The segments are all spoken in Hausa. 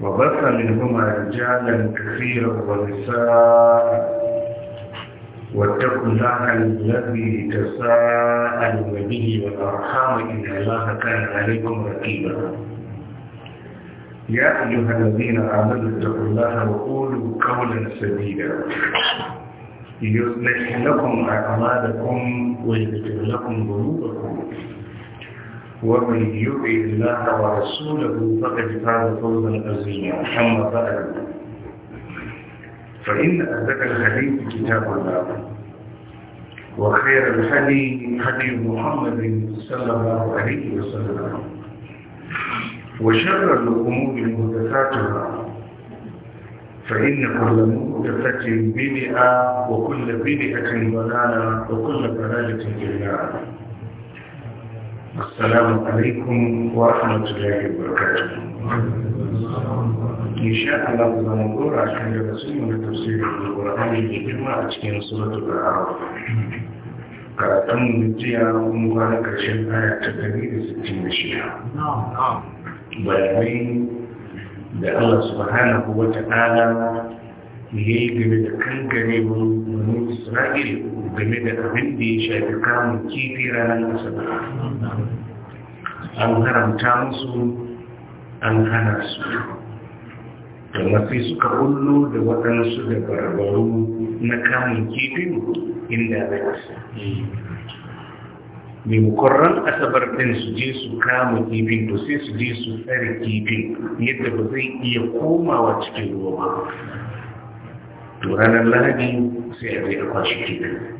وبث منهما رجالا كثيرا ونساء واتقوا الله الذي تساءل به والارحام ان الله كان عليكم رقيبا يا ايها الذين امنوا اتقوا الله وقولوا قولا سديدا يصلح لكم اعمالكم ويغفر لكم ذنوبكم ومن يطع الله ورسوله فقد فاز فوزا عظيما اما بعد فان اذكى الحديث كتاب الله وخير الحديث حديث محمد صلى الله عليه وسلم وشر الامور محدثاتها فإن كل مؤتفة بدعه وكل بدعه ضلالة وكل ضلالة في النار السلام عليكم ورحمة الله وبركاته إن شاء الله نقول عشان الرسول من تفسير القرآن الجمعة في سورة الأعراف karatun mujiya mun kwana ƙarshen aya ta ɗari da sittin da shida bayanai da Allah subhanahu wa ta'ala ya yi game da kankarewar wani Isra'ila game da abin da ya shafi kamun kifi ranar asabar an haramta musu an hana su da mafi suka kullo da waɗansu da barbaru na kamun kifi inda zai wasu maimakon asabar ɗin su je su kama kifin to sai su je su tsare kifin yadda ba zai iya komawa cikin ruwa ba to ranar lahadi sai ya bai kwashi kenan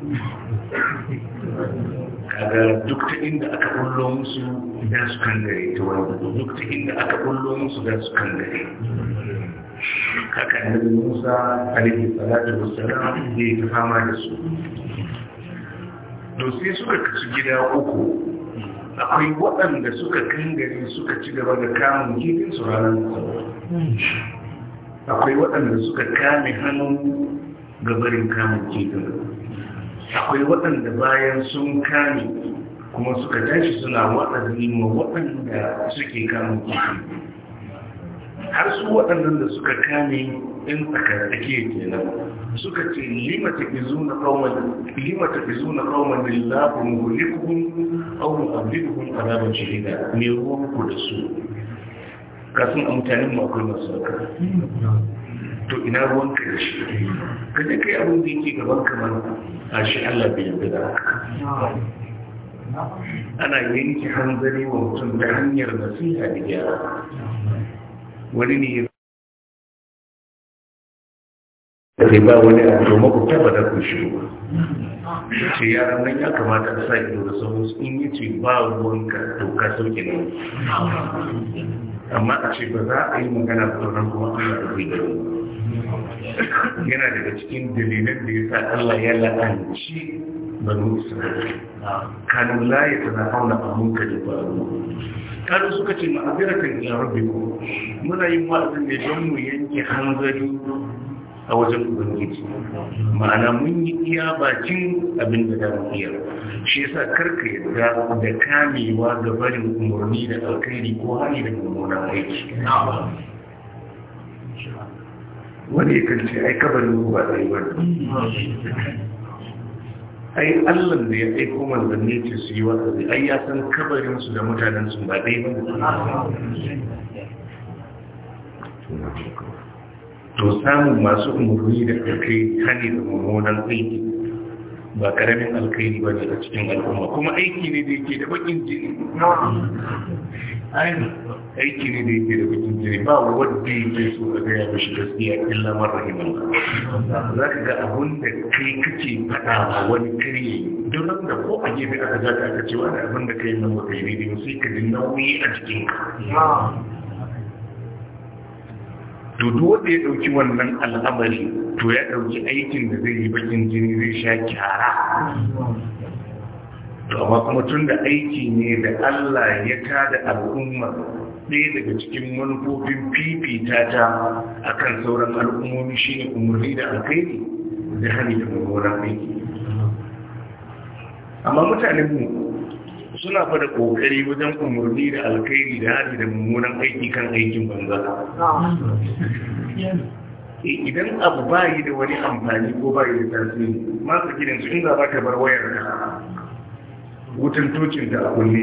kaga duk ta inda aka kullo musu da su kan gare ta wani duk ta inda aka kullo musu da su kan gare haka da Musa alaihi salatu wassalam ne ta fama da su to sai suka kaci gida uku akwai waɗanda suka kangare suka ci gaba da kamun kifin su ranar akwai waɗanda suka kame hannun gabarin kamun kifin akwai waɗanda bayan sun kame kuma suka tashi suna waɗanda ma waɗanda suke kamun kifin har su waɗanda da suka kame in tsakardake kenan suka ce lima tafi zuna kawman lillahi muhulikun auren a azabar shirida mai ruwan ku da su kasan mutanen makon masu to ina ruwan ka da shi ka ne kai abin da yake gaban kamar a shi Allah bai yarda da ana yanke hanzari wa mutum ta hanyar nasiha da gyara wani ne ya sai ba wani a domin ku taba da ku shigo ce ya ranar ya kamata a sa ido da sauransu in yi ce ba ruwan to ka sauke na amma a ce ba za a yi magana da sauran kuma yi da yana daga cikin dalilan da ya sa Allah ya la'anci banu Isra'ila kan la ya tana hauna a da ba kanu suka ce ma'aziratan ya rabbi ko muna yin wa'azin ne don mu yanke hanzari a wajen ubangiji ma'ana mun yi iya bakin abin da za mu iya shi yasa karka yadda da kamewa ga barin umarni da alkhairi ko hali da mummunan aiki wani kan ce ai kabarin ba zai ba ai Allah ne ya aiko manzanni ce su yi wa'azi ai ya san kabarin su da mutanen su ba dai ba to samun masu umarni da kai hane da mummunan aiki ba karamin alkairi ba ne a cikin al'umma kuma aiki ne da yake da bakin jini aiki ne da yake da bakin jini ba wa bai bai so ka gaya mishi gaskiya illa man rahiman za ka ga abun da kai kake faɗa ma wani kare don nan da ko a gefe aka za ka aka ce wani abin da kai nan baka yi daidai sai ka ji nauyi a jikinka to duk wanda ya ɗauki wannan al'amari to ya ɗauki aikin da zai yi bakin jini zai sha kyara to amma kuma tun da aiki ne da Allah ya tada al'umma ɗaya daga cikin manufofin fifita ta a kan sauran al'ummomi shi ne umarni da alkaidi da hannu da mummunan aiki amma mutanenmu suna fada kokari wajen umarni da alkaidi da hannu da mummunan aiki kan aikin banza idan abu bayi da wani amfani ko bayi da tasiri masu gidansu inda za ka bar wayar da wutan tocin da a kunne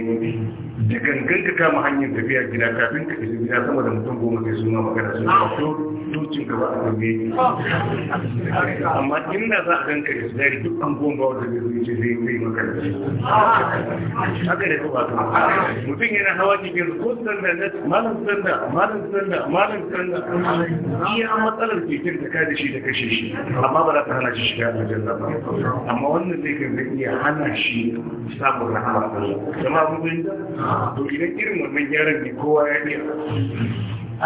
da gangan ka kama hanyar tafiya gida kafin ka tafi gida sama da mutum goma sai suna magana sun ba to tocin ka ba a gobe amma inda za a ganka da dari duk an goma ba wata zai ce zai zai makarci haka da kuma ta mutum yana hawa cikin ko sanda na malam sanda malam sanda malam sanda iya matsalar keken ta kada shi da kashe shi amma ba za ta hana shi shiga aljanna ba amma wannan zai kan zai iya hana shi samun rahama jama'a zama fahimta to idan irin wannan yaran ne kowa ya iya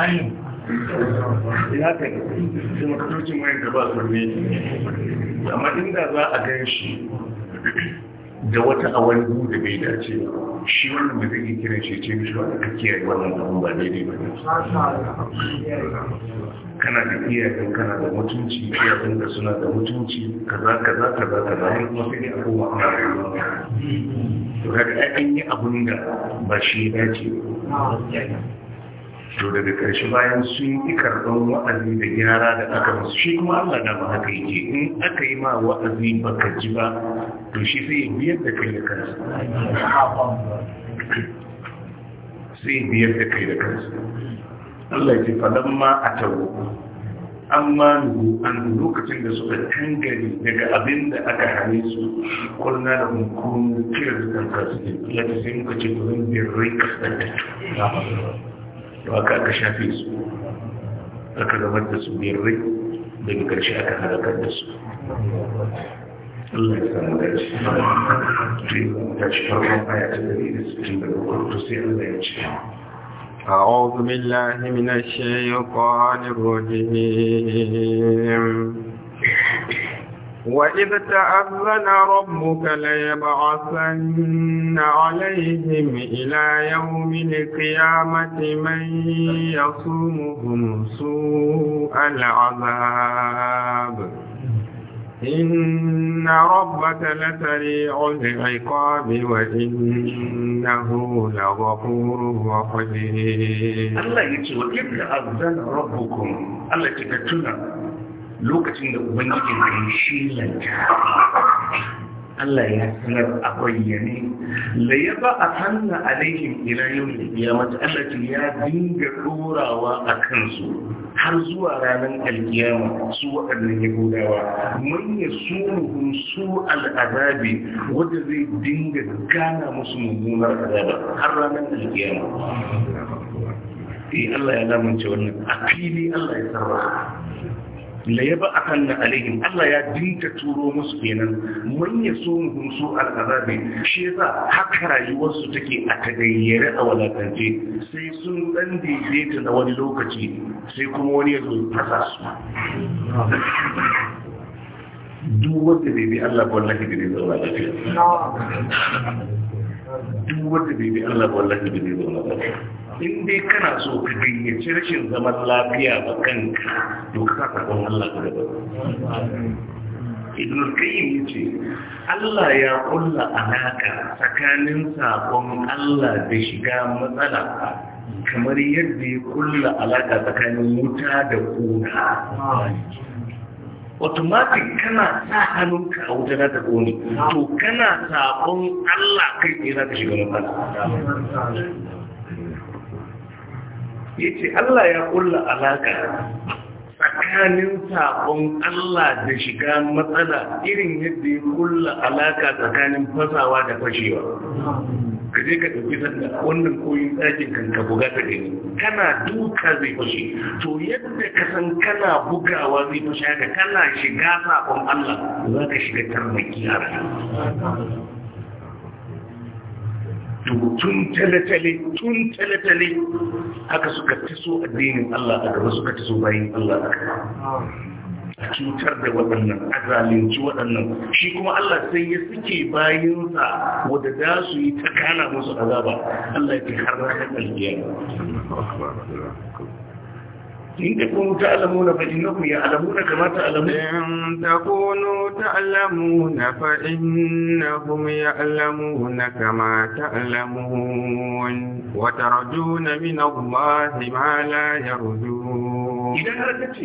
ayin ina ta ne kuma wayan da ba su amma inda za a gan shi da wata a wani da bai dace shi wannan da zai kira shi ce mishi wani ka kiyaye wannan abun ba daidai ba ne kana da iyayen kana da mutunci iyayen da suna da mutunci kaza kaza kaza kaza ne kuma sai ne abubuwa ana rayuwa ka kaga an yi abun da ba shi dace ba to daga ƙarshe bayan sun yi karɓar wa'azi da gyara da aka masu shi kuma Allah na ba haka yake in aka yi ma wa'azi ba ka ji ba to shi sai biyar da kai da kansu sai biyar da kai da kansu Allah ya ce faɗan ma a taro ma nugu an lokacin da suka tangare daga abin da aka hane su kwallona da hukumu kira da kansa su ne ya ce sai muka ce domin birrai kasantattu to haka aka shafe su aka zamar da su biyar rai daga ƙarshe aka halakar da su Allah ya sami da samu dace. Ta ci farkon aya ta dari da sittin da bakwai to sai Allah ya ce. أعوذ بالله من الشيطان الرجيم وإذ تأذن ربك ليبعثن عليهم إلى يوم القيامة من يصومهم سوء العذاب إن ربك لسريع العقاب وإنه لغفور رحيم الله يتوكل أذن ربكم الله تكتنا lokacin da ubangijin ka yi shirya Allah ya sanar a bayyane da ya ba a hannu a ila yau da mata? Allah ce ya dinga ɗorawa a kansu har zuwa ranar alkiyama su waɗannan ya gudawa, manya sunuhun su al'azabi wanda zai dinga gana musu mummunar azaba har ranar alkiyama. Eh Allah ya lamunce wannan a fili Allah ya sarrafa. a kan na alaihim Allah ya dinka turo musu kenan man yaso muhum su al'azabi shi yasa haka rayuwar su take a tagayyare a wadatance sai sun dan daidaita na wani lokaci sai kuma wani ya zo fasa su duk wanda bai bi Allah wallahi bai zauna lafiya duk wanda bai bi Allah wallahi bai zo ba in dai kana so ka gayyaci rashin zaman lafiya ba kanka to ka Allah ka gaba ibn qayyim yace Allah ya kulla alaka tsakanin sabon Allah da shiga matsala kamar yadda ya kulla alaka tsakanin wuta da kuna automatic kana sa hannunka a wuta ta kone to kana sabon Allah kai ne za ka shiga matsala ya ce Allah ya kulla alaka tsakanin sabon Allah da shiga matsala irin yadda ya kulla alaka tsakanin fasawa da fashewa ka je ka ɗauki sanda wannan koyin ɗakin kan ka buga ta gani kana duka zai fashe to yadda ka san kana bugawa zai fashe ka kana shiga sabon Allah za ka shiga tarmaki a tun tale-tale tun tale-tale haka suka taso addinin Allah a gaba suka taso bayan Allah a gaba a cutar da waɗannan a waɗannan shi kuma Allah sai ya suke bayansa wadda za su yi ta kana musu azaba Allah ya ce har ranar aljiya إن تكونوا تعلمون فإنهم يعلمون كما تعلمون إن تكونوا تعلمون فإنهم يعلمون كما تعلمون وترجون من الله ما لا يرجون إذا هرجت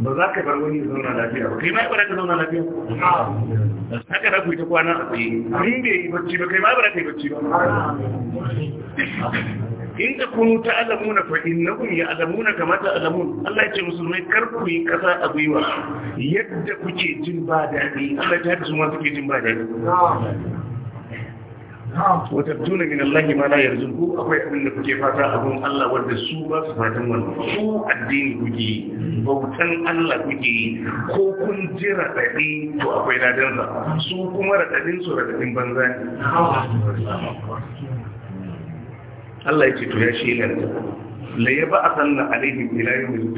بذاك بروني زونا لافيا كما يبرك زونا لافيا haka za ku yi ta kwana a tsaye in bai yi bacci ba kai ma ba za ka yi bacci ba in ka kunu ta alamuna fa innahum ya alamuna kama ta alamun Allah ya ce musulmai kar ku yi kasa a gwiwa yadda kuke jin ba daɗi Allah ya ta su ma jin ba daɗi wata tuna min Allah ma la yarzuku akwai abin da kuke fata a gun Allah wanda su ba su fatan wannan su addini kuke yi bautan Allah kuke yi ko kun ji raɗaɗi to akwai ladansa su kuma raɗaɗin su raɗaɗin banza ne Allah ya ce to ya shelar la ya ba a sannan alaihim ilayen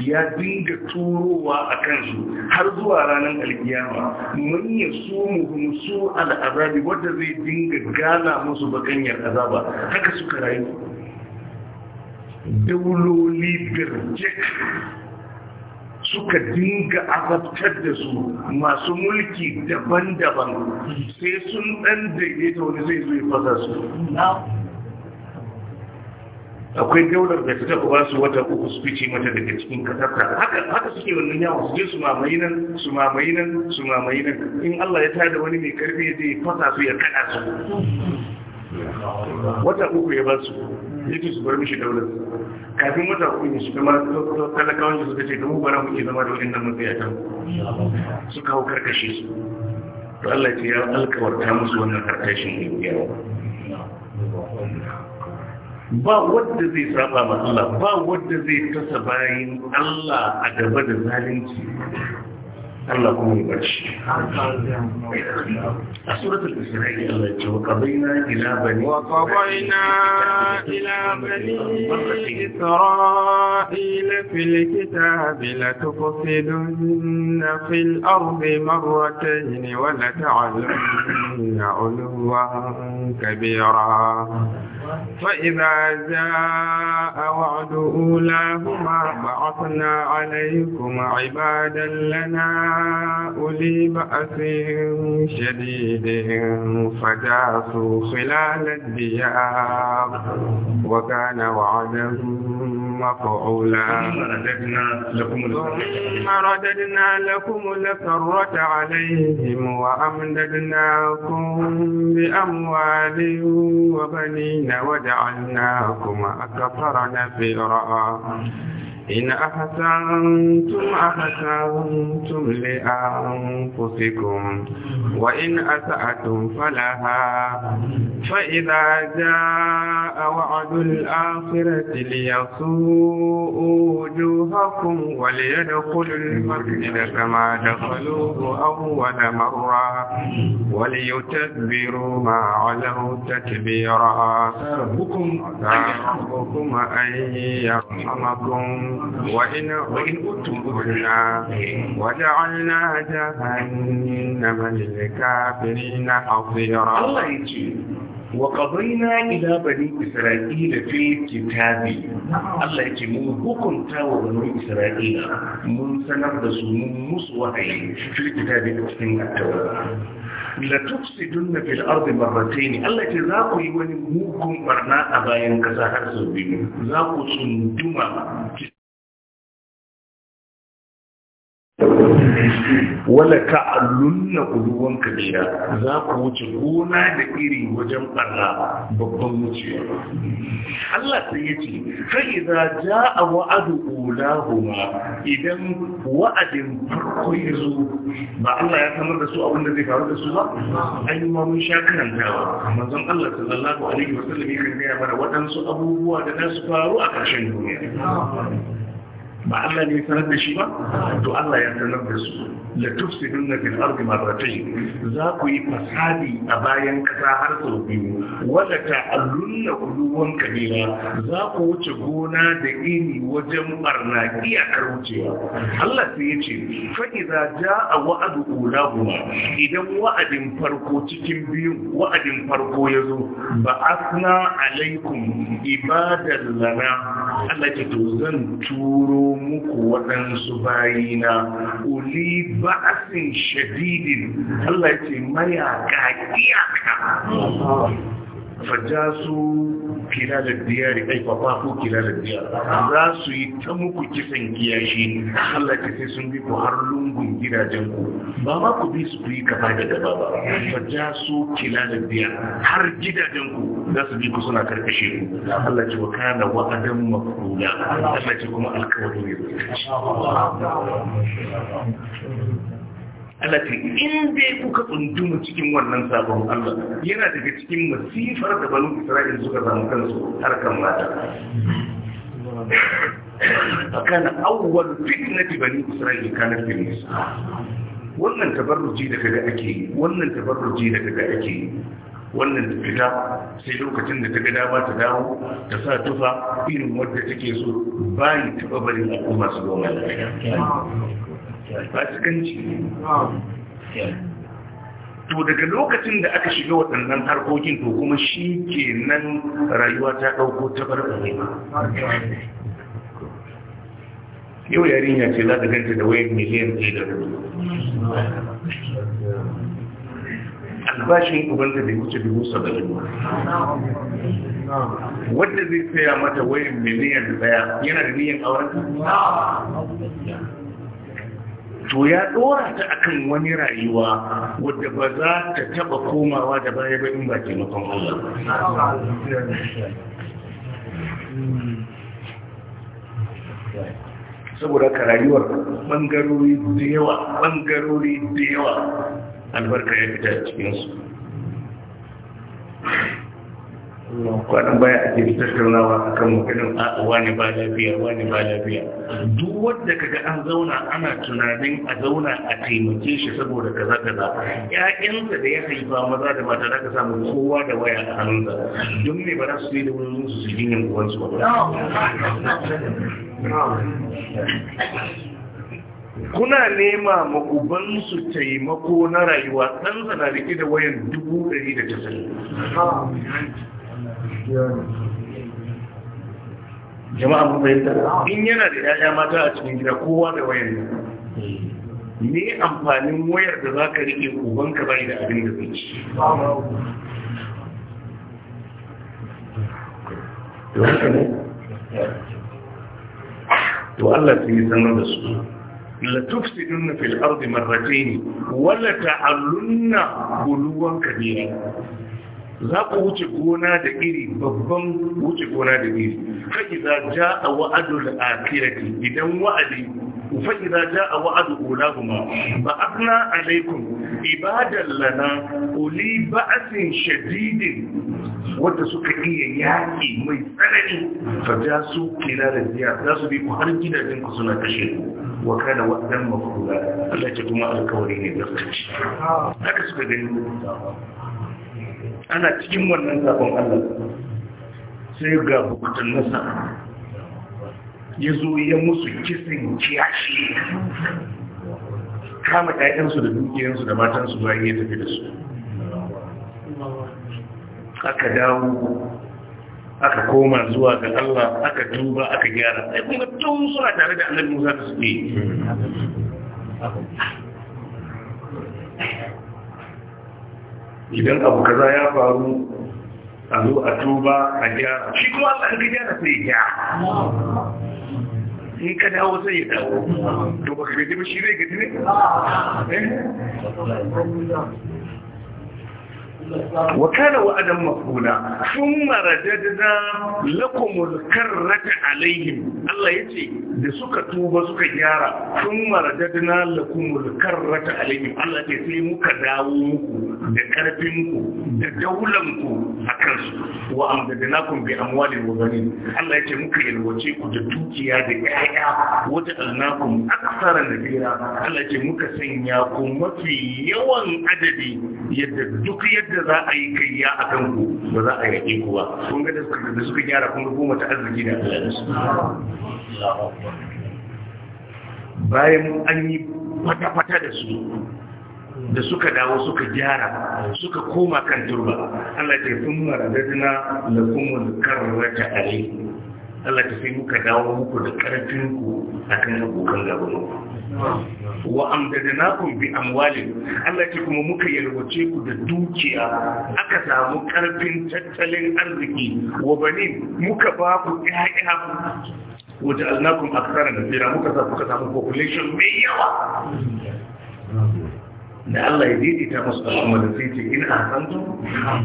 ya dinga turowa a kansu har zuwa ranar alkiyama mun yi su muhim su al'azabi wadda zai dinga gana musu bakanyar azaba haka suka rayu dauloli birjik suka dinga azabtar da su masu mulki daban-daban sai sun ɗan daidaita wani zai zai fasa su akwai daular da ta taɓa ba su wata uku su fice mata daga cikin kasarta haka suke wannan yawon su je su mamayi nan su mamayi nan su mamayi nan in Allah ya tada wani mai karfi ya zai fasa su ya kada su wata uku ya ba su ya ce su bar mishi daular kafin wata uku ne su kama talakawan su suka ce don bara muke zama da wajen nan matsayatan Su kawo karkashe su to Allah ce ya alkawarta musu wannan karkashin ne yawa ba wadda zai saba ma Allah ba wadda zai tasa bayin Allah a gaba da zalunci Allah kuma ya barci a suratul isra'i Allah ya ce wa qabaina ila bani wa qabaina ila bani isra'il fil kitabi la tufsidun fil ardi marratayn wa la ta'lamunna 'uluwan kabira فإذا جاء وعد أولاهما بعثنا عليكم عبادا لنا أولي بأس شديد فجاسوا خلال الديار وكان وعدا مفعولا ثم رددنا لكم الكرة عليهم وأمددناكم بأموال وبنين وجعلناكم أكثر نفيرا إن أحسنتم أحسنتم لأنفسكم وإن أسأتم فلها فإذا جاء وعد الآخرة ليسوء وجوهكم وليدخلوا المسجد كما دخلوه أول مرة وليتبروا ما علوا تتبيرا ربكم أن يرحمكم وإن أتم أدنا وجعلنا جهنم للكافرين حصيرا الله يجيب وقضينا إلى بني إسرائيل في الكتاب الله يجي من حكم تاو بني إسرائيل من سنر من مسوحي في الكتاب الأسنين التوراة la tufsidunna fil ardi marratayn Allah ce za ku yi wani mugun barna a bayan kasa har sau biyu za ku tsunduma wala ka alunna kuduwanka kabira za ku wuce gona da iri wajen ɓarna babban wucewa Allah sai ya ce kai za ja a wa'adu ulahuma idan wa'adin farko ya zo ba Allah ya samar da su abin da zai faru da su ba an yi mamun sha karantawa manzon Allah sallallahu alaihi wasallam ya kan gaya mana waɗansu abubuwa da za su faru a ƙarshen duniya ba Allah ne sanar da shi ba to Allah ya sanar da su la tufsiduna fil ardi marratayn za ku yi fasadi a bayan kasa har sau biyu wala ta'allunna quluwan kabira za ku wuce gona da iri wajen barna iyakar wucewa Allah sai ya ce fa idza jaa wa'adu ulahuma idan wa'adin farko cikin biyu wa'adin farko ya zo ba asna alaikum ibadan lana Allah ke to zan turo muku waɗansu bayina uli ba'asin shadidin Allah ce mayaka iyaka fajasu kira da diyari ai papa ko kira da diyari za su yi ta muku kisan kiyashi Allah ta sai sun bi ku har lungun gidajen ku ba ma ku bi su yi kafa da Baba. ba fajasu kila da diyari har gidajen ku za su bi ku suna karkashe ku Allah ce wa kana wa adam mafula Allah ce kuma ya ne Allah ta in dai kuka tsunduma cikin wannan sabon Allah yana daga cikin masifar da banu Isra'il suka samu kansu harkan mata fakana awwal fitnati bani Isra'il kana fi nisa wannan tabarruji da kaga ake yi wannan tabarruji da kaga ake yi wannan fita sai lokacin da ta ga dama ta dawo ta sa tufa irin wadda take so bayi taɓa barin al'umma su goma lafiya fasikanci to daga lokacin da aka shiga waɗannan harkokin to kuma shi ke nan rayuwa ta ɗauko ta barbarai ba yau ya ce za ta ganta da wayan miliyan ɗaya da rubu albashin ubanta bai wuce dubu saba'in wadda zai saya mata wayan miliyan ɗaya yana da miliyan auren to ya dora ta akan wani rayuwa wadda ba za ta taba komawa da baya ba in ba taimakon Allah saboda ka rayuwar bangarori da yawa bangarori da yawa albarka ya fita cikinsu kwanan baya a jiri tattaunawa a kan maganin wani ba lafiya wani ba lafiya duk wadda kaga an zauna ana tunanin a zauna a taimake shi saboda kaza kaza ƴaƴansa da ya haifa maza da mata za ka samu kowa da waya a hannunsa don me ba za su yi da wurin musu su jinyan uwansu ba kuna nema makubansu taimako na rayuwa ɗansa na rike da wayan dubu ɗari da casa'in jama'a in yana da yaya mata a cikin gida kowa da wayar ne amfanin wayar da zaka rike ubanka bai da abin da zai ci to Allah sanar da su لتفسدن في الأرض مرتين ولتعلن بلوا كبيرا za ku wuce gona da iri babban wuce gona da iri za ja a a akirati idan wa'adi za ja a wa'adu kuma ba afna alaikum ibadan lana oli, ba'asin shadidin wanda suka iya yaƙi mai tsanani ba ja su kira da biya za su bi ku har gidajen ku suna kashe wa kana wa'adan mafula Allah ce kuma alkawari ne gaskiya haka suka gani ana cikin wannan sabon Allah sai ga bukatun nasa ya zo ya musu kisin kiyashi kama ɗayansu da dukiyansu da matansu bayan ya tafi da su aka dawo aka koma zuwa ga Allah aka duba aka gyara sai kuma tun suna tare da annabi Musa da ne idan abu kaza ya faru a zo a tuba a gyara shi kuma Allah ka gyara sai ya gyara in ka dawo sai ya dawo to ka gaji ba shi zai gaji ne eh? وكان وعدا مفعولا ثم رددنا لكم الكرة عليهم الله يجي da suka tuba suka gyara sun maradadna lakumul karrata alaihim Allah ya sai muka dawo muku da karfin ku da daulan ku akan su wa amdadnakum bi amwalin wa banin Allah ya ce muka yalwace ku da dukiya da 'ya'ya wa ja'alnakum aksara nabira Allah ya ce muka sanya ku mafi yawan adadi yadda duk yadda da za a yi kayya a kan ku ba za a yaƙe ku ba kun ga da suka gyara kun goma ta arziki da Allah bayan an yi fata-fata da su da suka dawo suka gyara suka koma kan turba Allah ce sun da kuma lakumul karrata alaikum Allah ta sai muka dawo muku da karfin ku akan abokan gaban ku wa kun bi amwalin Allah ta kuma muka yalwace ku da dukiya aka samu karfin tattalin arziki wa banin muka ba ku ƴaƴa waja'alnakum aktsara nasira muka sa kuka samu population mai yawa da Allah ya daidaita musu masu kuma da sai ce in a santu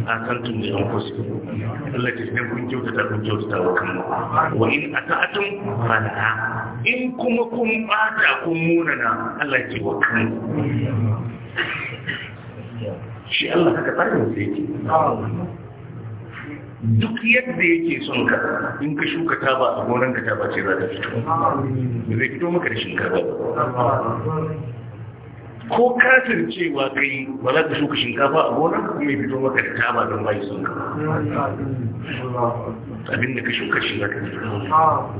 a santu mai an kusa Allah ce ne kun kyautata kun kyautata wa kan wa in ata'atum falaha in kuma kun bata kun munana Allah ce wa kan. shi Allah haka tsarin sai ce duk yadda yake son ka in ka shuka taba a gonan ka ba ce za ta fito zai fito maka da shinkafa ko kafin cewa kai ba za ka shuka shinkafa a gona mai fito maka da taba don bai sun abinda ka shuka shi za ka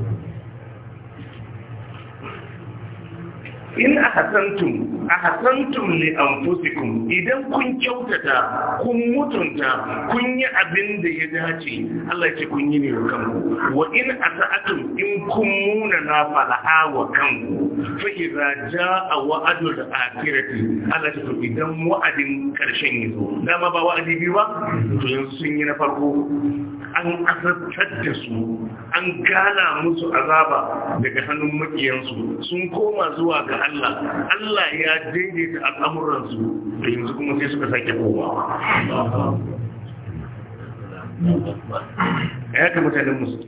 in ahsantum ahsantum li anfusikum idan kun kyautata kun mutunta kun yi abin da ya dace Allah ya ce kun yi ne wa kanku wa in asa'atum in kun muna na falaha wa kanku fa idza jaa wa'dul akhirati Allah ya ce idan wa'adin karshen yazo dama ba wa'adi biyu ba to yanzu sun yi na farko an azabtar da su an gala musu azaba daga hannun makiyansu sun koma zuwa ga Allah Allah ya daidaita al'amuransu da yanzu kuma sai suka sake komawa ya ka mutanen musu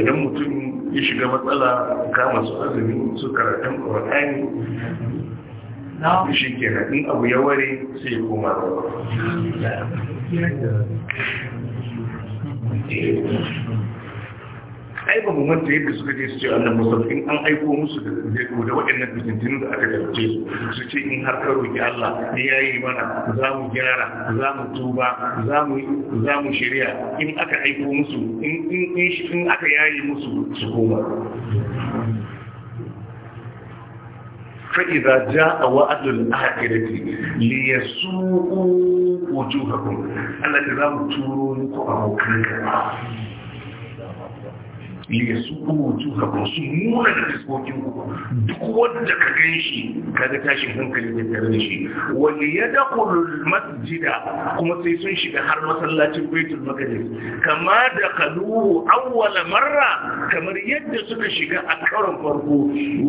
idan mutum ya shiga matsala kama su azumi su karatun ƙwarƙani shi kenan in abu ya ware sai koma ai ba mu manta yadda suka je su ce annan in an aiko musu da zai da waɗannan bikintinu da aka tarce su ce in har karo ki Allah ya yi mana za mu gyara za mu tuba za mu za mu in aka aiko musu in aka yaye musu su koma فإذا جاء وعد الآخرة ليسوءوا وجوهكم التي لا ترون قرآن su kuma tuha ba su nuna da fiskokin ku duk wanda ka gan shi ga tashin hankali da tare da shi wani ya dakulul masjida kuma sai sun shiga har masallacin baitul maqdis kama da kaluhu awwala marra kamar yadda suka shiga a karon farko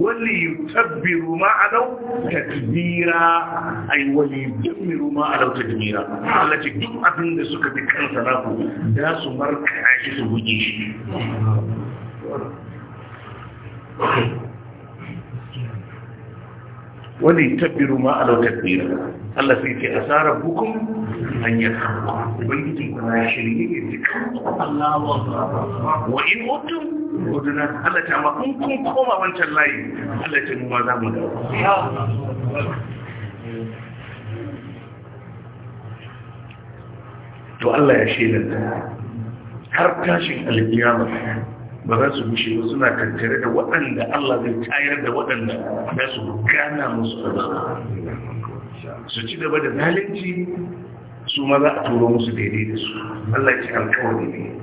wali yutabbiru ma'anau tadbira ai wali yutabbiru ma'anau tadbira Allah ce duk abin da suka bi kansa na ku da su marka shi su buge shi wani tabbiru ma a lokacin tsira Allah sai ce asarar hukum hanyar ubangiji kuma ya shirye ya ji wa in mutum huduna Allah ta ma in kun koma wancan layi Allah ta ma za mu da to Allah ya shirye har tashin alƙiyama ba za su gushe ba suna kankare da waɗanda Allah zai tayar da waɗanda za su gana musu azaba su ci gaba da zalunci su ma za a turo musu daidai da su Allah ci alkawari ne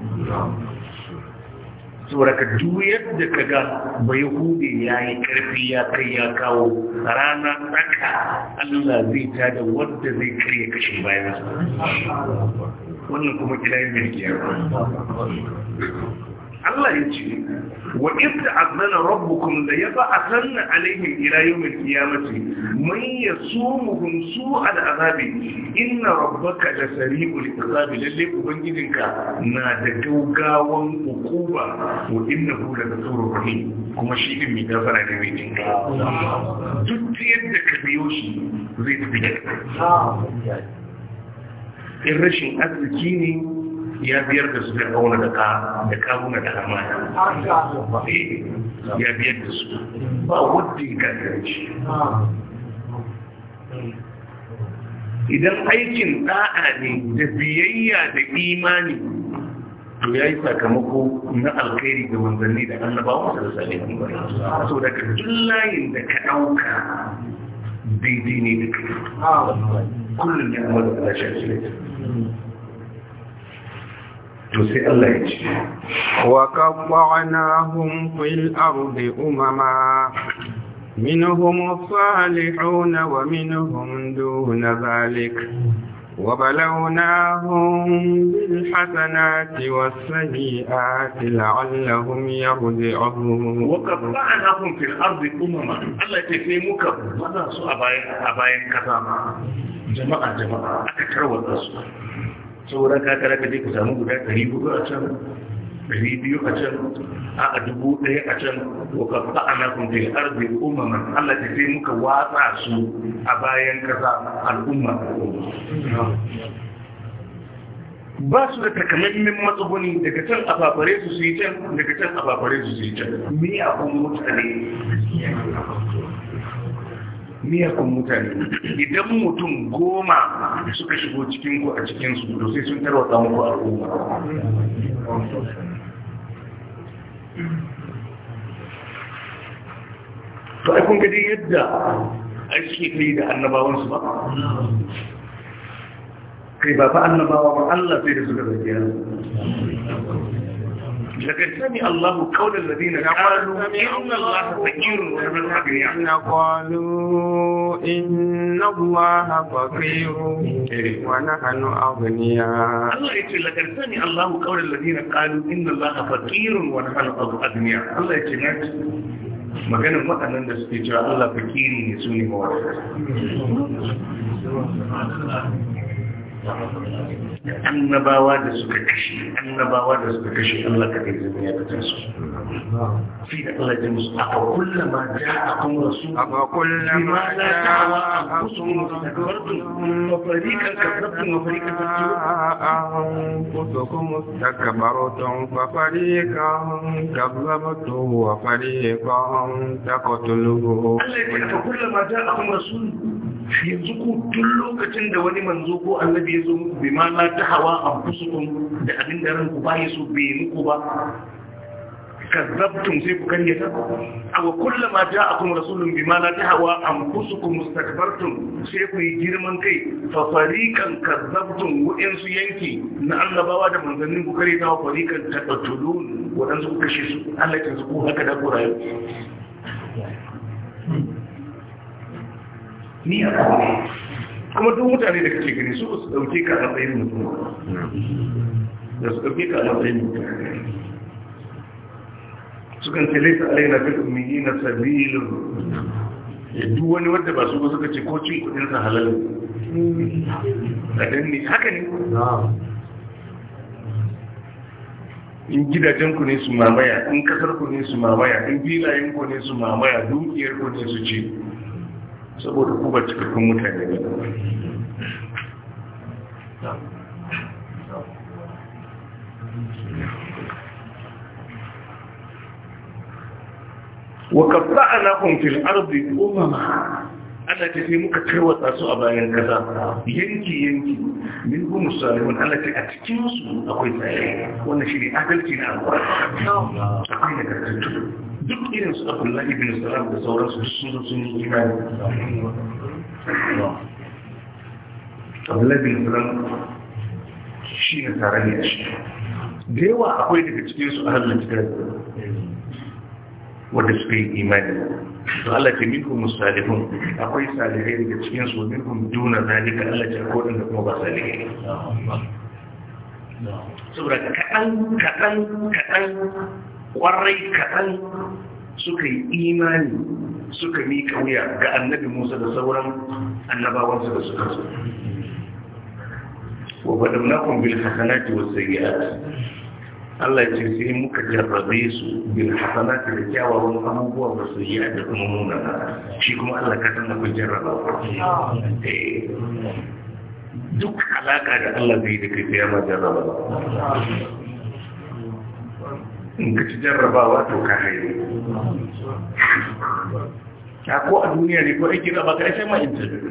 saboda ka duk yadda ka ga bai hude ya yi karfi ya kai ya kawo rana tsaka Allah zai ta da wadda zai karya kashe bayan wannan kuma kira yin Allah ya ce wa idda azana rabbukum la yab'athanna alaihim ila yawm al-qiyamati man yasumuhum su'a al inna rabbaka la sari'ul iqabi lalle ubangijinka na da gaugawan hukuma wa innahu la ghafurur rahim kuma shi din mai gafara ne mai jinka duk yadda ka biyo shi zai tafi da in rashin arziki ne ya biyar da su da kawo da ka da kawuna da hamaya ya biyar da su ba wuddin kafirci idan aikin da'a ne da biyayya da imani to ya yi sakamako na alkhairi da wanzanni da annabawa da salihin bari so daga duk layin da ka ɗauka daidai ne da kai kullum ya kuma da ƙarshen su to sai Allah ya ce wa qawwa'nahum fil ardi umama minhum salihun wa minhum dun zalik wa balawnahum bil hasanati was sayiati la'allahum yarji'un wa qawwa'nahum fil ardi umama Allah ya ce muka mana su a bayan a bayan kasa jama'a jama'a aka tarwata su sauran kakara ka je ka samu guda 400 a can 200 a can a dubu ɗaya a can ko ka fa ana kun fil ardi umaman Allah ta sai muka watsa su a bayan kasa al'umma ba su da takamaimin matsuguni daga can a fafare su su yi can daga can a fafare su su yi can me abun mutane miyakon mutane idan mutum goma suka shigo cikinku a cikinsu to sai sun tarwata muku al'umma to ai kun gaji yadda ai kai da annabawansu ba kai ba fa annabawa ba Allah sai da suka zaki لقد سمع الله قول الذين قالوا إن الله فقير ونحن أغنياء قالوا إن الله فقير ونحن أغنياء الله يقول لقد سمع الله قول الذين قالوا إن الله فقير ونحن أغنياء الله يقول maganin waɗannan da suke cewa Allah fakiri ne su ne mawa annabawa da suka kashe annabawa da suka kashe Allah ka kai zai ya fitar su fi da Allah ya musu aka kullama ja'akum rasul aka kullama ja'akum rasul wa fariqan kadzabtum wa fariqan anfusukum istakbartum fa fariqan kadzabtum wa fariqan taqtuluhu Allah ya kullama ja'akum rasul yanzu ku tun lokacin da wani manzo ko annabi ya zo muku bai ma na ta hawa a fusukun da abin da ranku ba ya so bai muku ba zabtun sai ku karyata awa kullama kuma rasulun ta hawa a anfusukum mustakbartum sai ku yi girman kai fa fariqan kazzabtum wa yanki na annabawa da manzannin ku ta wa fariqan taqtulun waɗansu ku kashe su Allah ya tsaku haka da ku rayu ni a kawai Kuma duk mutane da kake gani su su dauke ka a matsayin mutum da su dauke ka a matsayin mutum sukan ce laisa alaina fil ummiyina sabilun duk wani wadda ba su ba suka ce ko cin kudin sa halal a danne haka ne in gidajen ku ne su mamaya in kasar ku ne su mamaya in filayen ku ne su mamaya dukiyar ku ne su ce saboda kuma cikakkun mutane ne wa qatta'nahum fil ardi umama Allah ta sai muka tarwatsa su a bayan kasa yanki yanki min hum salihun Allah ta a cikin su akwai tsaye wannan shi ne adalci na alƙur'ani duk irin su abdullah ibn salam da sauransu duk sun sun yi imani Abdullahi ibn salam shi ne tarayya shi da yawa akwai daga cikin su ahlul kitab wanda suka yi imani to Allah ce minkum musalihun akwai salihai daga cikin su minkum duna zalika Allah ce akwai wanda kuma ba salihai saboda kaɗan kaɗan kaɗan kwarai kaɗan suka yi imani suka miƙa wuya ga annabi musa da sauran annabawansa da suka zo wa badamnakum bil hasanati was sayyi'at Allah ya ce sai muka jarrabe su bil hasanati da kyawawan abubuwa ba su yi da kuma munana shi kuma Allah ka san akwai jarraba duk alaka da Allah zai da kai ya ma jarraba in ka ci jarrabawa to ka hayo ya ko a duniya ne ko aiki raba ka sai ma interview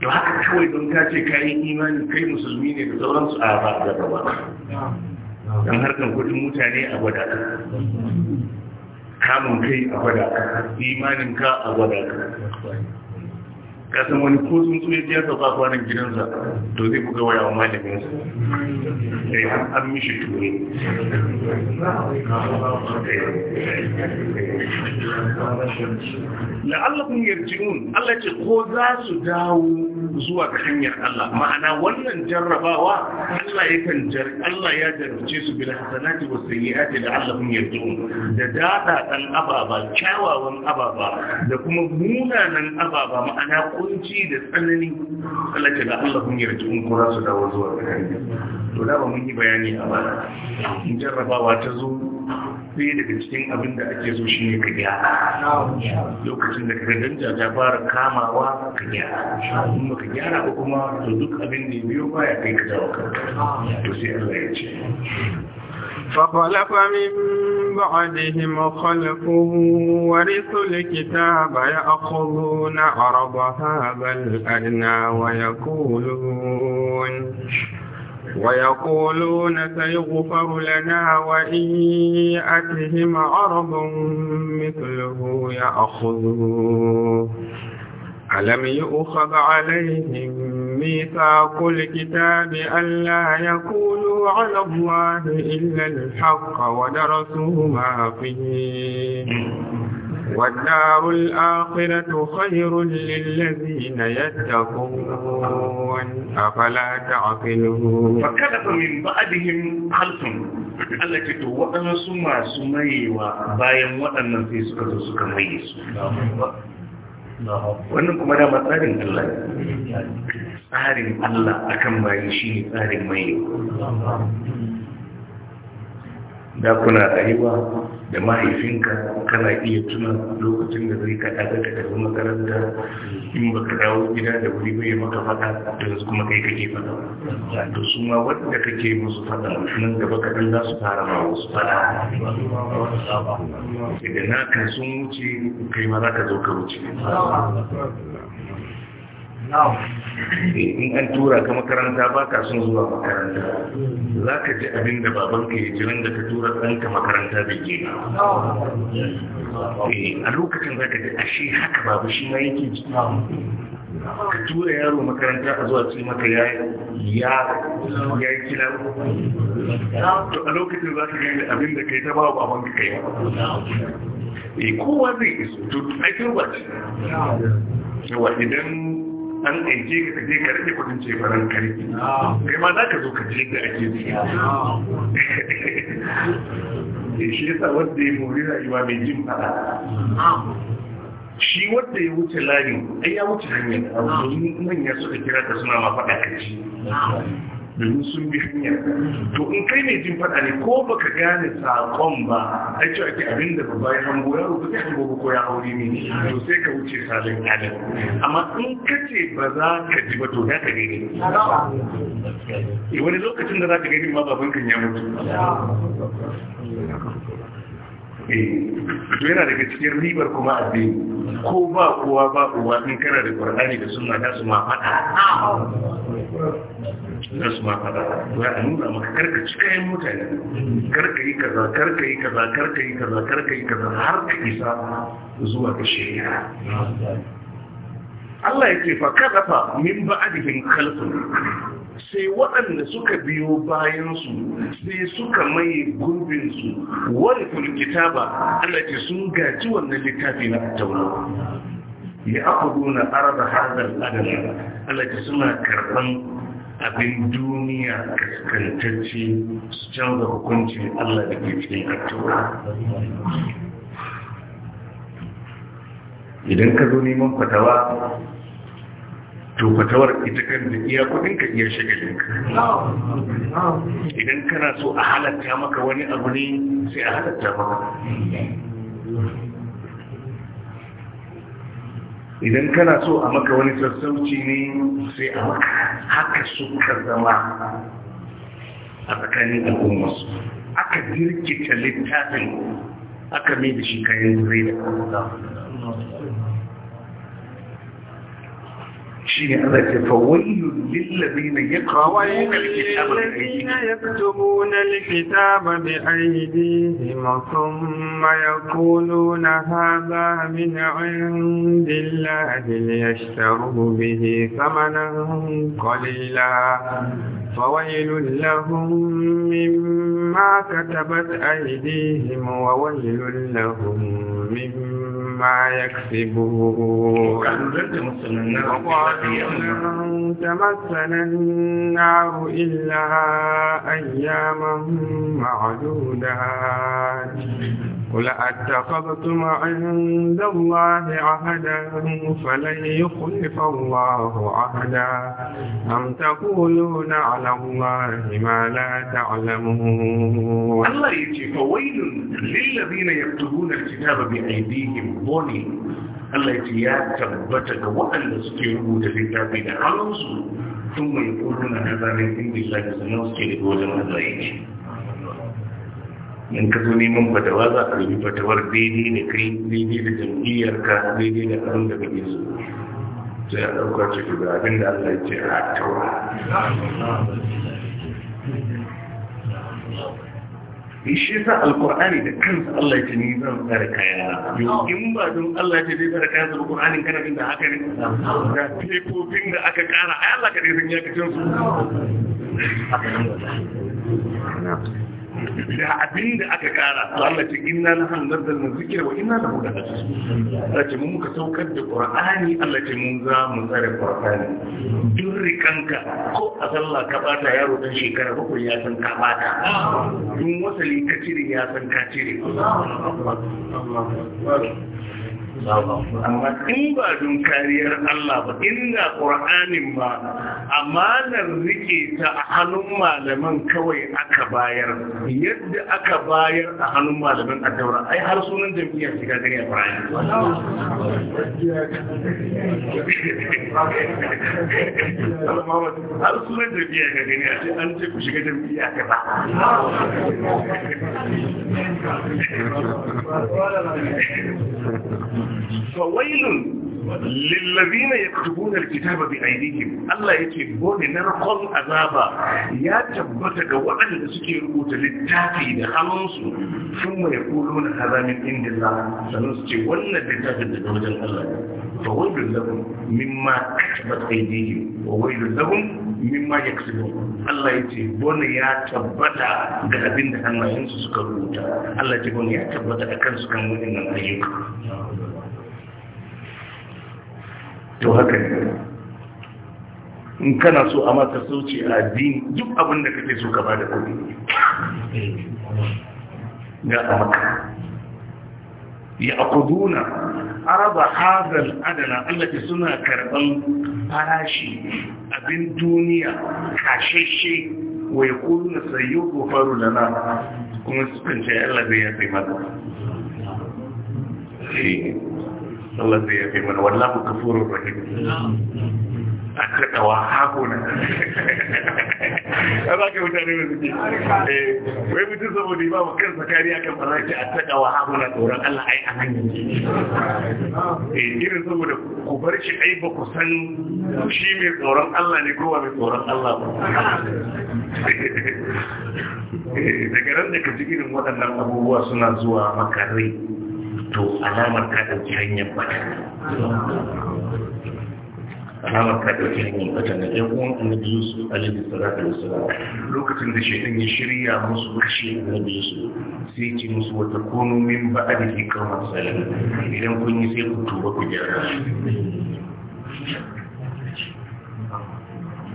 to haka kawai don ka ce ka yi imani kai musulmi ne da sauransu a ba jarraba don harkar kudin mutane a gwada ka kamun kai a gwada ka imanin ka a gwada ka kasan wani ko sun tsuye ya saba kwanan gidansa to zai buga waya wa malaminsa sai eh, an an mishi ture eh, la'allakun yarji'un Allah ce ko za su dawo zuwa ga hanyar Allah ma'ana wannan jarrabawa Allah yakan jar Allah ya jarrace su bil hasanati was sayyiati la'allahum yarji'un da dada dan ababa kyawawan ababa da kuma munanan ababa ma'ana kunci da tsanani Allah ta da Allah hun yarda in kura su dawo zuwa ga to da ba mun yi bayani a ba in jarrabawa ta zo sai daga cikin abin da ake so shine ka gyara lokacin da ka danja ta fara kamawa ka gyara in ka gyara ko kuma to duk abin da ya biyo baya kai ka dawo ka to sai Allah ya ce فخلف من بعدهم خلف ورثوا الكتاب يأخذون عرض هذا الأدنى ويقولون ويقولون سيغفر لنا وإن يأتهم عرض مثله يأخذوه ألم يؤخذ عليهم ميثاق الكتاب ألا يقولوا على الله إلا الحق ودرسوا ما فيه والدار الآخرة خير للذين يتقون أفلا تعقلون فكذب من بعدهم خلف Allah ce to waɗansu masu mayewa bayan waɗannan sai suka zo suka maye su. Wannan kuma da matsarin Allah. tsarin Allah akan bayi shi ne tsarin mai da kuna rayuwa da mahaifinka kana iya tuna lokacin da zai kada ka tafi makaranta in ba ka dawo gida da wuri bai maka fada da su kuma kai kake fada da su ma wadda kake musu fada nan gaba kaɗan za su fara ma wasu fada idan kan sun wuce kai ma za ka zo ka wuce in an tura ka makaranta ba ka son zuwa makaranta za ka ji abin da babanka ya jiran da ka tura ɗanka makaranta da ke eh, a lokacin za ka ji ashe haka babu shi ma yake ji ka tura yaro makaranta a zuwa ce maka ya ya yi kila to a lokacin za ka gani abin da kai ta ba babanka kai e eh, kowa zai iso to ai turba ce yawa idan an aike ka je ka rage kudin ce faran kai kai ma za ka zo ka je da ake ci shi yasa wanda ya mori rayuwa mai jin fada shi wanda ya wuce layin ai ya wuce hanyar abu domin manya suka kira ka suna ma faɗa kai domin sun bi hanya to in kai ne jin faɗa ne ko baka gane sakon ba a cewa ke abin da babba ya hango ya rubuta ta hango ko ya aure ne to sai ka wuce sabon adam amma in ka ce ba za ka ji ba to ya ka gani eh, wani lokacin da za ka gani ma babban kan ya mutu eh, to yana daga cikin ribar kuma addini ko ba kowa ba kowa in kana da ƙwarɗani da suna da su ma faɗa za su ma faɗa za a nuna maka karka ci kayan mutane karka yi kaza karka yi kaza karka yi kaza karka yi kaza har ka isa zuwa ga shari'a Allah ya ce fa kadafa min ba'dihim khalqun sai waɗanda suka biyo bayansu sai suka mai gurbinsu wani kulkita ba alaƙi sun gaji wannan littafi na tauna ya aku nuna araba hadar adana alaƙi suna karɓan abin duniya kaskantacce su canza hukuncin Allah da ke cikin attura idan ka zo neman fatawa to fatawar ita kan da iya kudin ka iya shagalin idan kana so a halatta maka wani abu ne sai a halatta maka idan kana so a maka wani sassauci ne sai a maka haka su suka zama a tsakanin al'ummarsu aka jirkita littafin aka mai da shi kayan zai da kuma شيء أنا تفويل للذين يقرؤون الكتاب الذين يكتبون الكتاب بأيديهم ثم يقولون هذا من عند الله ليشتروا به ثمنا قليلا فويل لهم مما كتبت أيديهم وويل لهم مما يكسبون وقالوا لن تمسنا النار إلا أياما معدودات ولأتخذتم عند الله عهدا فلن يخلف الله عهدا أم تقولون على الله ما لا تعلمون الله يجي فويل للذين يكتبون الكتاب بأيديهم ظلم الله يجي يا تبتك وأن تستيروا الكتاب لعنصر ثم يقولون هذا من عند الله سنوصي لك وجه الله in ka zo neman fatawa za a rubi fatawar daidai da kai daidai da jam'iyyar ka daidai da abin da kake so sai a ɗauka ce ga abin da Allah ya ce a taura shi sa alkur'ani da kansa Allah ya ce ni zan tsare kayana yau in ba don Allah ya ce zai tsare kayansa alkur'ani kana jin da haka ne ga fefofin da aka ƙara, ai Allah ka dai sun yaka cin su da abin da aka kara to Allah ce inna na hannar da zikira wa inna lahu hudu Allah ce mun muka saukar da Qur'ani Allah ce mun za mu tsare Qur'ani duk rikanka ko a sallah ka bata yaro dan shekara bakwai ya san ka bata duk wasali ka cire ya san ka cire in ba don kariyar Allah ba inda ƙur'anin ba amanar rike ta a hannun malaman kawai aka bayar yadda aka bayar a hannun malaman a daura ai har sunan jam'iyyar shiga gani a fara har sunan jam'iyyar ga gani a ce an ce ku shiga jam'iyyar ka ba Thank you. fawailun lillazina yaktubuna alkitaba bi aydihim Allah yake gode na rakon azaba ya tabbata ga waɗanda suke rubuta littafi da hannunsu sun mai kulo na hazamin indillah sannan su ce wannan littafin daga wajen Allah fawailun lahum mimma katabat aydihim wa wailun lahum mimma yaksubun Allah yake gode ya tabbata ga abin da hannayensu suka rubuta Allah yake gode ya tabbata da kansu kan wadannan ayyuka to haka ne in kana so a mata sauci a addini duk abin da kake so ka ba da kudi ga a maka ya akuduna araba hadal adana allake suna karban farashi abin duniya kashashe wai kuna sayo ko faru da na? kuma sukan ce allah bai ya taimaka eh. Allah zai yafe mana wallahu kafurur rahim an hako hakuna a za ka mutane da suke eh, wai mutum saboda ba mu kansa kariya kan farashi a ki wa taɗawa hakuna tsoron Allah ai a hanyar eh, irin saboda ku bar shi ai ba ku san shi mai tsoron Allah ne kowa mai tsoron Allah ba eh, daga ran da ka ji irin waɗannan abubuwa suna zuwa makarai to alamar ka ɗauki hanyar bata alamar ka ɗauki hanyar bata na ɗan uwan annabi yusuf alaihi salatu wassalam lokacin da shaitan ya shirya musu kashe annabi yusuf sai ce musu wata kono min ba'a da ke kama salam idan kun yi sai ku tuba ku gyara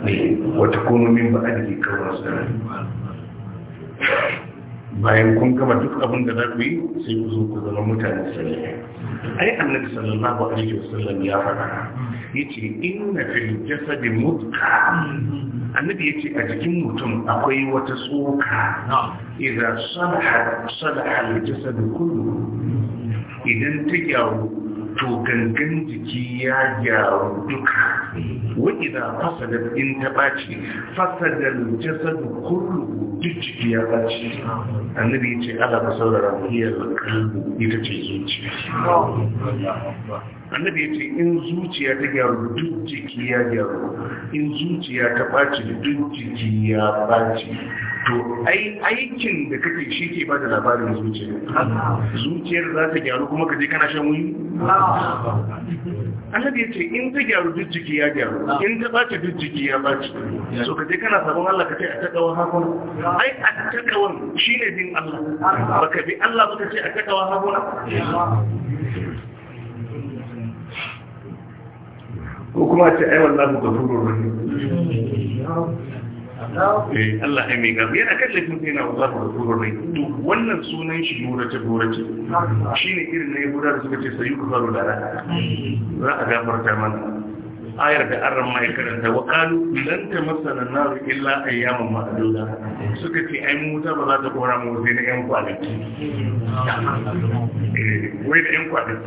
eh, wata kono min ba'a da ke kama salam bayan kun gama duk abin da za ku yi sai ku zo ku zama mutane sai ai annabi sallallahu alaihi wasallam ya faɗa yace inna fil jasadi mudqa annabi yace a jikin mutum akwai wata tsoka idan salaha salaha al jasad kullu idan ta gyaru to gangan jiki ya gyaru duka hmm. wa idan fasadar in ta ɓaci fasadar jasadu kullu duk jiki ya ɓaci annabi ya ce ala ba saurara hiyar kalbu ita ce zuciya annabi ya ce in zuciya ta gyaru duk jiki ya gyaru in zuciya ta ɓaci duk jiki ya ɓaci to aikin da kake shi ke ba da labarin zuciya zuciyar za ta gyaru kuma ka je kana shan wuyi annabi ya ce in ta gyaru duk jiki ya gyaru in ta ɓaci duk jiki ya ɓaci so ka je kana sabon Allah ka ce a takawa hakuna ai a takawan shi ne bin Allah baka bi Allah baka ce a takawa hakuna ko kuma ce ai wallahi ka furo rahim Eh, Allah ya mai yana kan laifin sai na Allah da tsoron rai to wannan sunan shi dorace dorace shine irin na yahuda da suka ce sayu faru da rana za a gafarta mana ayar da arran mai karanta wa kalu lan ta masana nar illa ayyaman ma'duda suka ce ai mu ta ba za ta kora mu sai na yan kwanaki eh, wai da yan kwanaki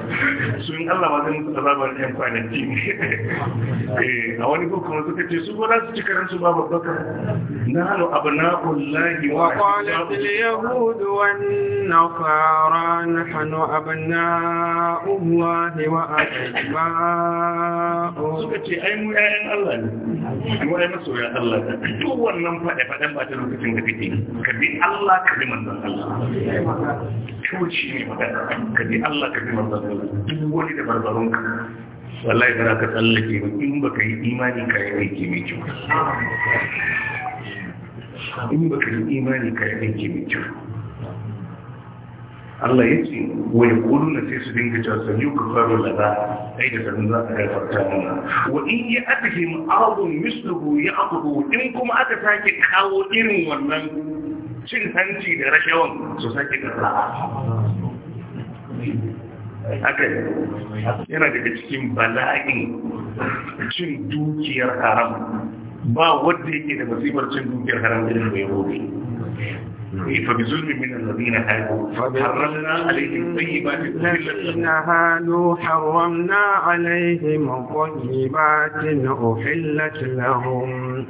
su in Allah ma zai musu azaba da yan kwanaki eh, a wani ko kuma suka ce su gora su ci karan su babu bakar nahnu abna'ullahi wa qalat al-yahud wan nasara nahnu abna'ullahi wa atba'u ce ai mu ƴaƴan Allah ne mu ai masoya Allah ne duk wannan fada faɗen ba ta lokacin da kake ka bi Allah ka bi manzon Allah coci ne magana ka bi Allah ka bi manzon Allah duk wani da barbaron ka wallahi ba ka tsallake ba in ba ka yi imani ka yi aiki mai kyau in ba ka yi imani ka yi aiki mai kyau Allah ya ce wa ya na sai su dinga cewa sami ku faru da za da za a gafarta mana wa in ya atihim azun misluhu ya abu in kuma aka sake kawo irin wannan cin hanci da rashawan su sake karɓa haka yana daga cikin bala'in cin dukiyar haram ba wadda yake da masifar cin dukiyar haram irin mai yahudi نعم. فبظلم من الذين هادوا حرمنا عليهم طيبات الذين هادوا حرمنا عليهم طيبات أحلت لهم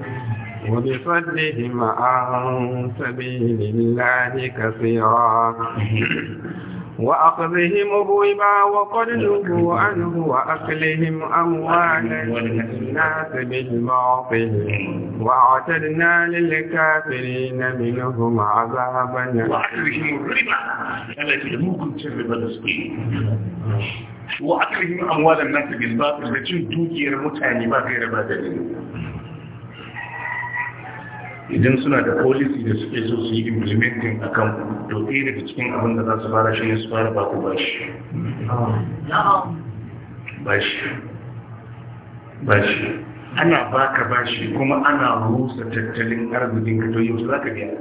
وبصدهم عن سبيل الله كثيرا وأخذهم الربا وقد نهوا عنه وأكلهم أموال الناس بالباطل وأعتدنا للكافرين منهم عذابا وأكلهم الربا التي ممكن تشرب الرزقين وأكلهم أموال الناس بالباطل التي دوكي المتعني ما غير ما دليل idan suna da policy da suke so su yi implementing a kan to ɗaya daga cikin abin da za su fara shi ne su fara ba bashi bashi bashi ana baka bashi kuma ana rusa tattalin arzikin ka to yau za ka biya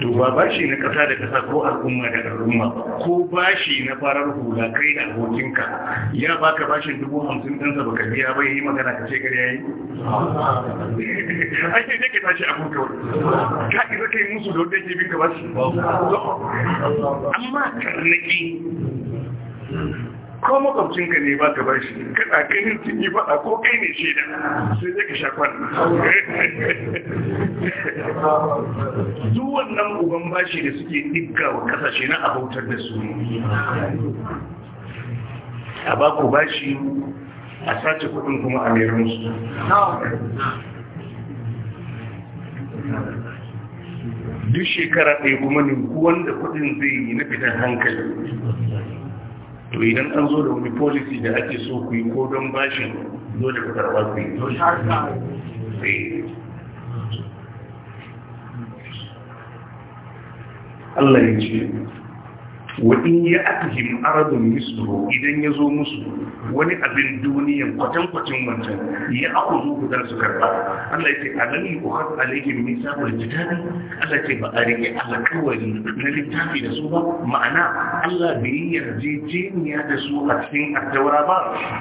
Duba bashi na kasa da kasa ko al'umma da al'umma ko bashi na farar hula kai da abokinka ya baka bashin dubu hamsin ɗansa baka biya bai yi magana ka ce gari yayi ake ne ka tashi abun kawai ka isa kai musu da wanda ke bin ka bashi amma karnaki ko makwabcinka ne ba ka ba shi kada ka yi yi faɗa ko kai ne shi da sai zai ka shafan Zuwan wannan uban bashi da suke ɗigga wa ƙasashe na abautar da su a ba ku bashi a sace kuɗin kuma a mayar musu duk shekara ɗaya kuma ninku wanda kuɗin zai yi na fitan hankali to idan an zo da wani policy da ake so ku yi ko don bashin dole ku karɓa ku yi eh. Allah ya ce wa in ya atihim aradun misru idan ya zo musu wani abin duniyan kwatankwacin wancan ya aku zuku don su karba Allah ya ce alam yi uhar alaihim misabul kitabi Allah ce ba a rike alƙawari na littafi da su ba ma'ana Allah bai yi yarjejeniya da su a cikin attaura ba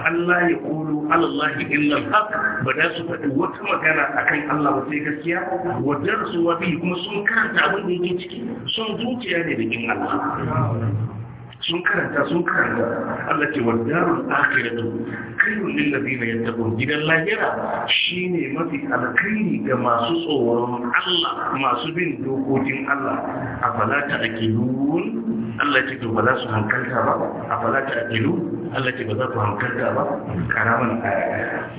Allah ya kulu Allah illa al-haq ba da su faɗi wata magana akan Allah ba sai gaskiya wa darsu bi kuma sun karanta abin da yake ciki sun zuciya ne da kin Allah sun karanta sun karanta Allah ce wa darul akhiratu khairul lil ladina yattaqun gidan lahira shine mafi alkhairi ga masu tsoron Allah masu bin dokokin Allah afala ta'qilun Allah ce to ba za su hankalta ba afala ta'qilun Allah ce ba za su hankalta ba karaman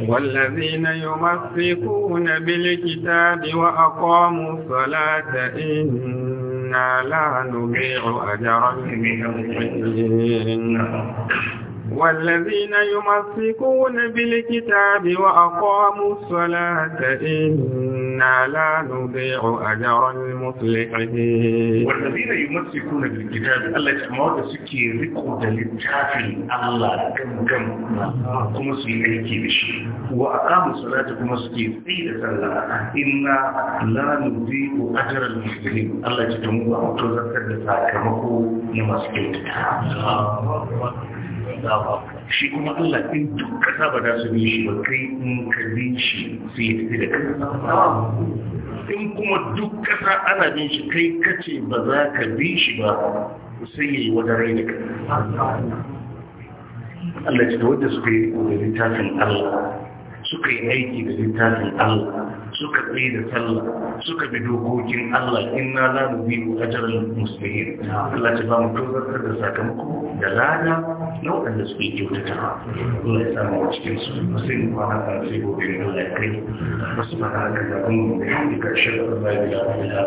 والذين يمسكون بالكتاب وأقاموا الصلاة إن لا نضيع أجر المحسنين والذين يمسكون بالكتاب وأقاموا الصلاة إن إنا لا نضيع أجر المصلحين والذين يمسكون بالكتاب الله تعمل سكي ركود للتافي الله كم كم كم سكي أيكي بشي وأقام الصلاة كم سكي سيدة الله إنا لا نضيع أجر المصلحين الله تعمل أجر المصلحين كمكو نمسكي shi kuma Allah in duk kasa ba za su bi shi ba kai in ka bi shi su yi tafi da kai in kuma duk kasa ana bin shi kai kace ba za ka bi shi ba sai ya yi wani rai da kai Allah ce da wadda suka yi da littafin Allah suka yi aiki da littafin Allah suka tsaye da sallah suka bi dokokin Allah inna la nubiru ajral muslimin Allah ya ba mu tozartar da sakamako da lada na wanda suke kyautata Allah ya samu cikin su sai mu fara da sai gobe Allah ya kai musu fara da gungun da shi Allah ya